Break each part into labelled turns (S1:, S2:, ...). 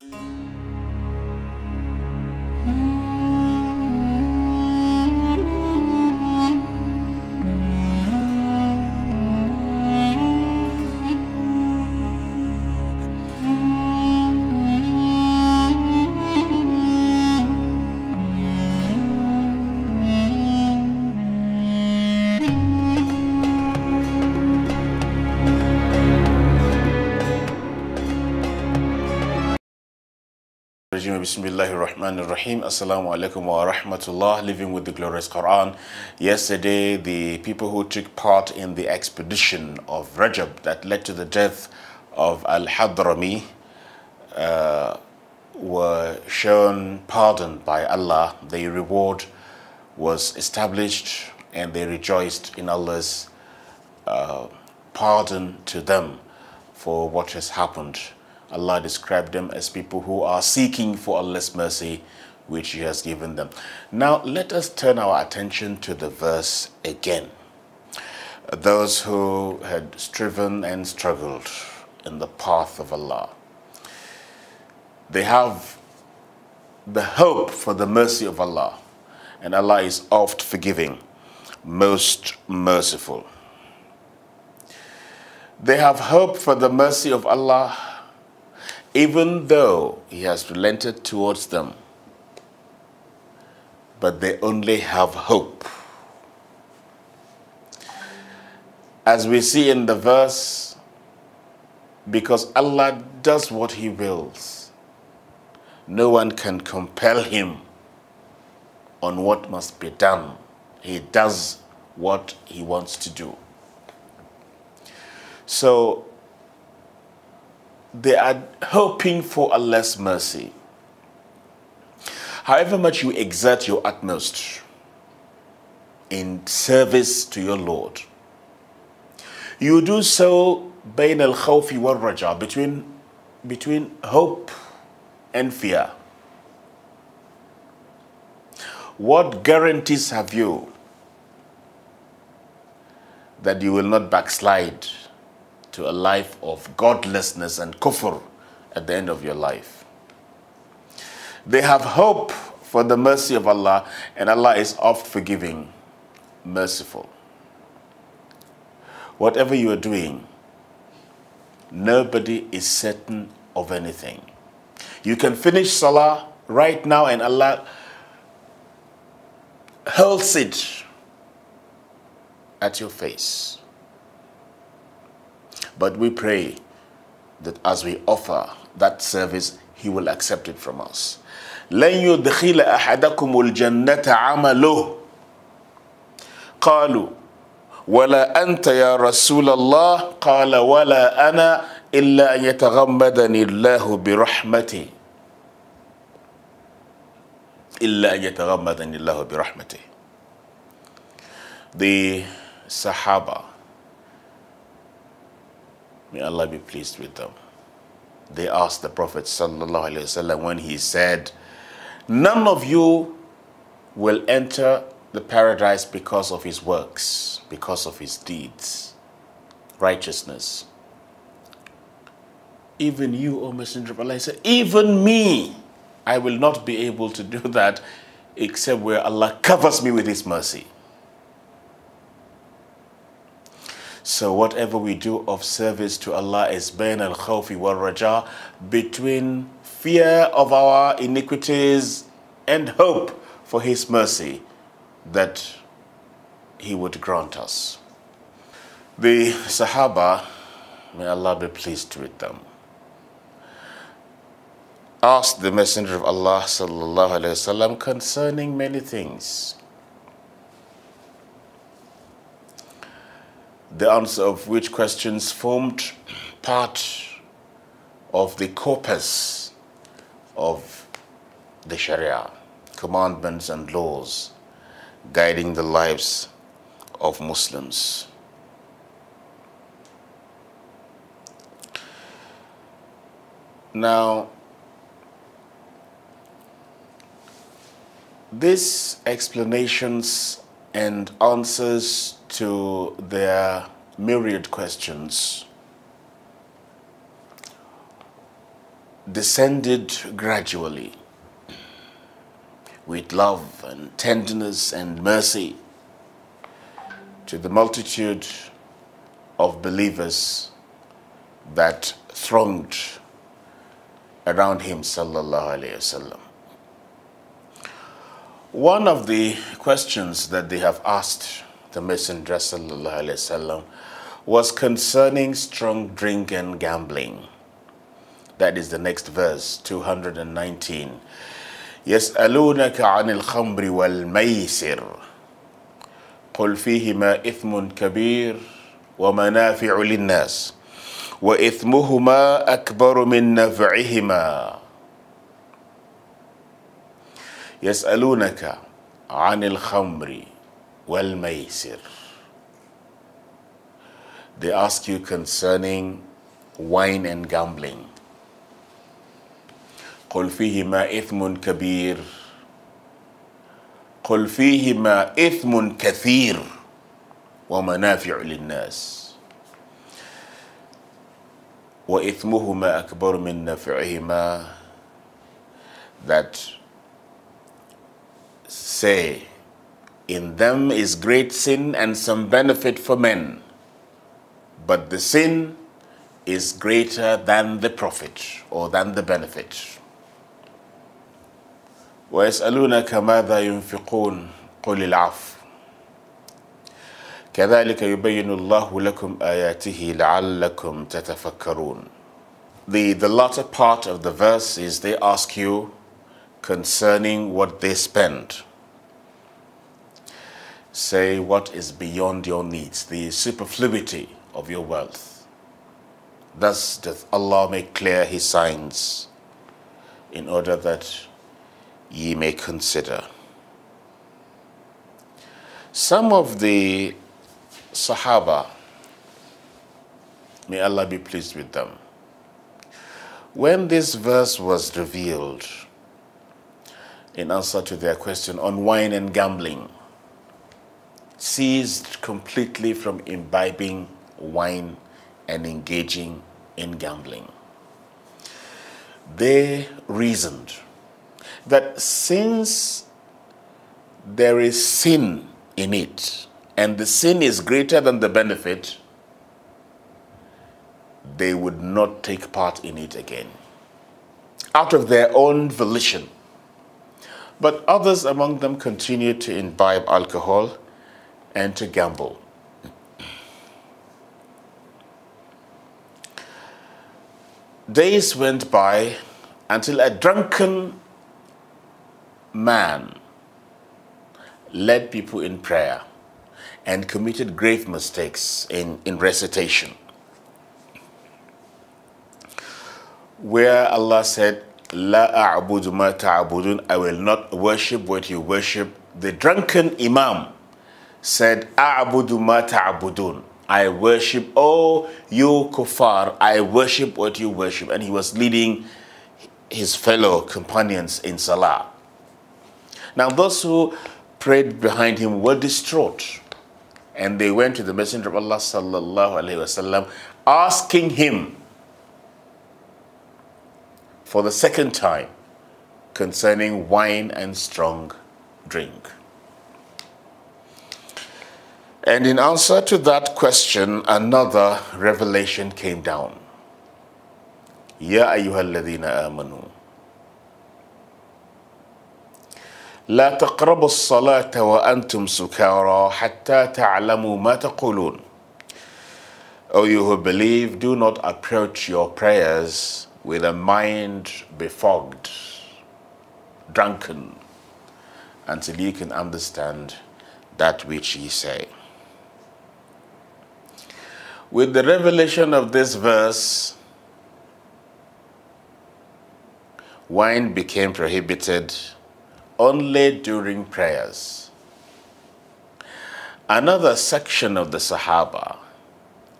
S1: Thank you. Resume Bismillahir Rahmanir Rahim. Assalamu alaikum wa rahmatullah. Living with the glorious Quran. Yesterday, the people who took part in the expedition of Rajab that led to the death of Al Hadrami uh, were shown pardon by Allah. Their reward was established and they rejoiced in Allah's uh, pardon to them for what has happened. Allah described them as people who are seeking for Allah's mercy which he has given them. Now let us turn our attention to the verse again. Those who had striven and struggled in the path of Allah. They have the hope for the mercy of Allah. And Allah is oft forgiving, most merciful. They have hope for the mercy of Allah even though he has relented towards them, but they only have hope. As we see in the verse, because Allah does what He wills, no one can compel Him on what must be done. He does what He wants to do. So they are hoping for Allah's mercy. However much you exert your utmost in service to your Lord, you do so بين الخوف والرجع between between hope and fear. What guarantees have you that you will not backslide to a life of godlessness and kufr at the end of your life. They have hope for the mercy of Allah, and Allah is oft forgiving, merciful. Whatever you are doing, nobody is certain of anything. You can finish Salah right now, and Allah hurls it at your face. But we pray that as we offer that service, He will accept it from us. لن يدخل أحدكم الجنة عمله قالوا ولا أنت يا رسول الله قال ولا أنا إلا أن يتغمدني الله برحمته إلا أن يتغمدني الله برحمته The Sahaba May Allah be pleased with them. They asked the Prophet وسلم, when he said, None of you will enter the paradise because of his works, because of his deeds, righteousness. Even you, O Messenger of Allah, even me, I will not be able to do that except where Allah covers me with his mercy. So whatever we do of service to Allah is bain al khawfi wal raja, between fear of our iniquities and hope for His mercy that He would grant us. The Sahaba, may Allah be pleased with them, asked the Messenger of Allah وسلم, concerning many things. the answer of which questions formed part of the corpus of the Sharia, commandments and laws guiding the lives of Muslims. Now, these explanations and answers to their myriad questions descended gradually with love and tenderness and mercy to the multitude of believers that thronged around him sallallahu alaihi wasallam one of the questions that they have asked the Messenger was concerning strong drink and gambling. That is the next verse, 219. يسألونك عن الخمر والميسر قل فيهما إثم كبير ومنافع للناس وإثمهما أكبر من نفعهما يسألونك عن الخمر والميسر They ask you concerning wine and gambling قل فيهما إثم كبير قل فيهما إثم كثير ومنافع للناس وإثمهما أكبر من نفعهما that say, In them is great sin and some benefit for men, but the sin is greater than the profit or than the benefit. ويسألونك ماذا ينفقون قل العفو كذلك يبين الله لكم آياته لعلكم تتفكرون the, the latter part of the verse is they ask you concerning what they spend say what is beyond your needs, the superfluity of your wealth. Thus doth Allah make clear His signs in order that ye may consider. Some of the Sahaba, may Allah be pleased with them, when this verse was revealed in answer to their question on wine and gambling, ceased completely from imbibing wine and engaging in gambling. They reasoned that since there is sin in it, and the sin is greater than the benefit, they would not take part in it again out of their own volition. But others among them continued to imbibe alcohol and to gamble. Days went by until a drunken man led people in prayer and committed grave mistakes in, in recitation. Where Allah said, La a'budu ma ta'budun, I will not worship what you worship. The drunken imam said, A'budu ma ta'budun. I worship, oh, you kuffar, I worship what you worship. And he was leading his fellow companions in Salah. Now, those who prayed behind him were distraught. And they went to the Messenger of Allah sallallahu alayhi wasallam asking him for the second time concerning wine and strong drink. And in answer to that question, another revelation came down. يا أيها الذين آمنوا لا تقربوا wa antum sukara, حتى تعلموا ما تقولون O you who believe, do not approach your prayers with a mind befogged, drunken, until you can understand that which ye say with the revelation of this verse, wine became prohibited only during prayers. Another section of the Sahaba,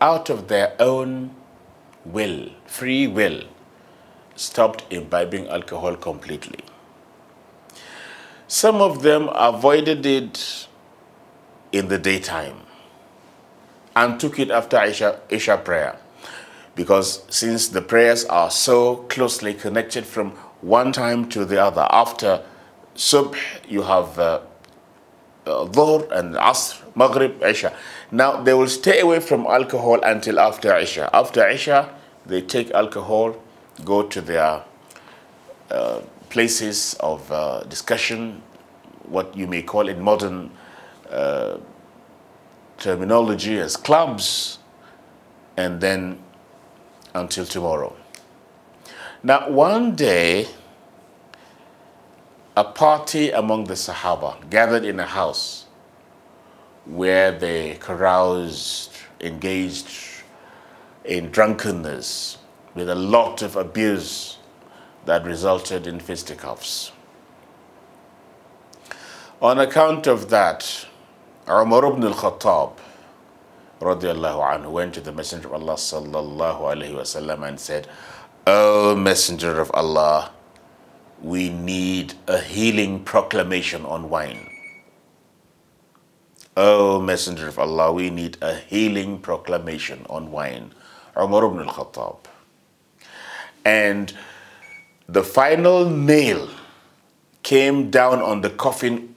S1: out of their own will, free will, stopped imbibing alcohol completely. Some of them avoided it in the daytime and took it after Isha, Isha prayer. Because since the prayers are so closely connected from one time to the other, after Subh, you have uh, uh, Dhuhr and Asr, Maghrib, Isha. Now they will stay away from alcohol until after Isha. After Isha, they take alcohol, go to their uh, places of uh, discussion, what you may call in modern uh, terminology as clubs, and then until tomorrow. Now, one day, a party among the Sahaba gathered in a house where they caroused, engaged in drunkenness with a lot of abuse that resulted in fisticuffs. On account of that, Umar ibn al-Khattab radiallahu anhu went to the Messenger of Allah sallallahu alayhi wasallam and said, O oh, Messenger of Allah, we need a healing proclamation on wine. O oh, Messenger of Allah, we need a healing proclamation on wine. Umar ibn al-Khattab. And the final nail came down on the coffin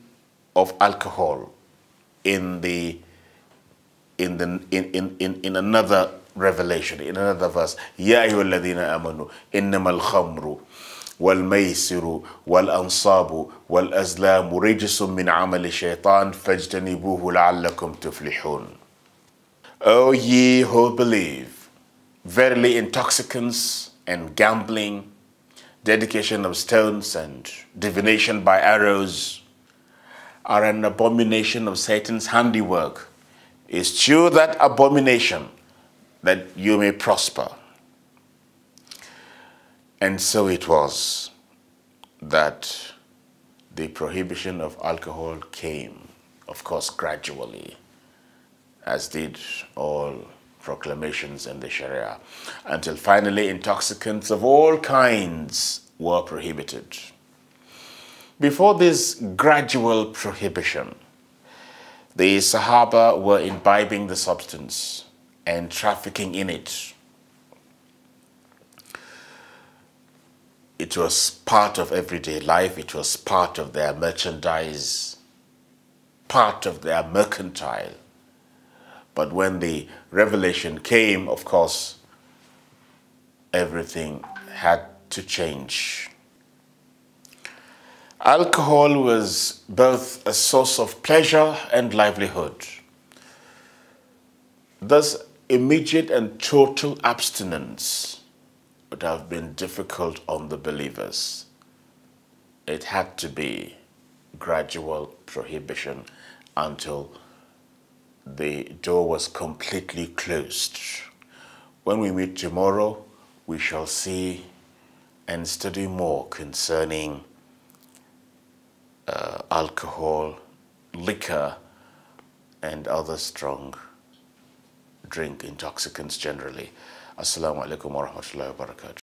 S1: of alcohol in the in the in in in, another revelation in another verse ya ayyuhalladhina amanu innamal khamru wal maisiru wal ansabu wal azlam rijsun min amal shaytan fajtanibuhu la'allakum tuflihun O ye who believe verily intoxicants and gambling dedication of stones and divination by arrows are an abomination of Satan's handiwork. Eschew that abomination that you may prosper. And so it was that the prohibition of alcohol came, of course, gradually, as did all proclamations in the Sharia, until finally intoxicants of all kinds were prohibited. Before this gradual prohibition, the Sahaba were imbibing the substance and trafficking in it. It was part of everyday life, it was part of their merchandise, part of their mercantile. But when the revelation came, of course, everything had to change. Alcohol was both a source of pleasure and livelihood. Thus, immediate and total abstinence would have been difficult on the believers. It had to be gradual prohibition until the door was completely closed. When we meet tomorrow, we shall see and study more concerning uh, alcohol, liquor, and other strong drink intoxicants generally. Assalamu alaikum wa rahmatullahi wa barakatuh.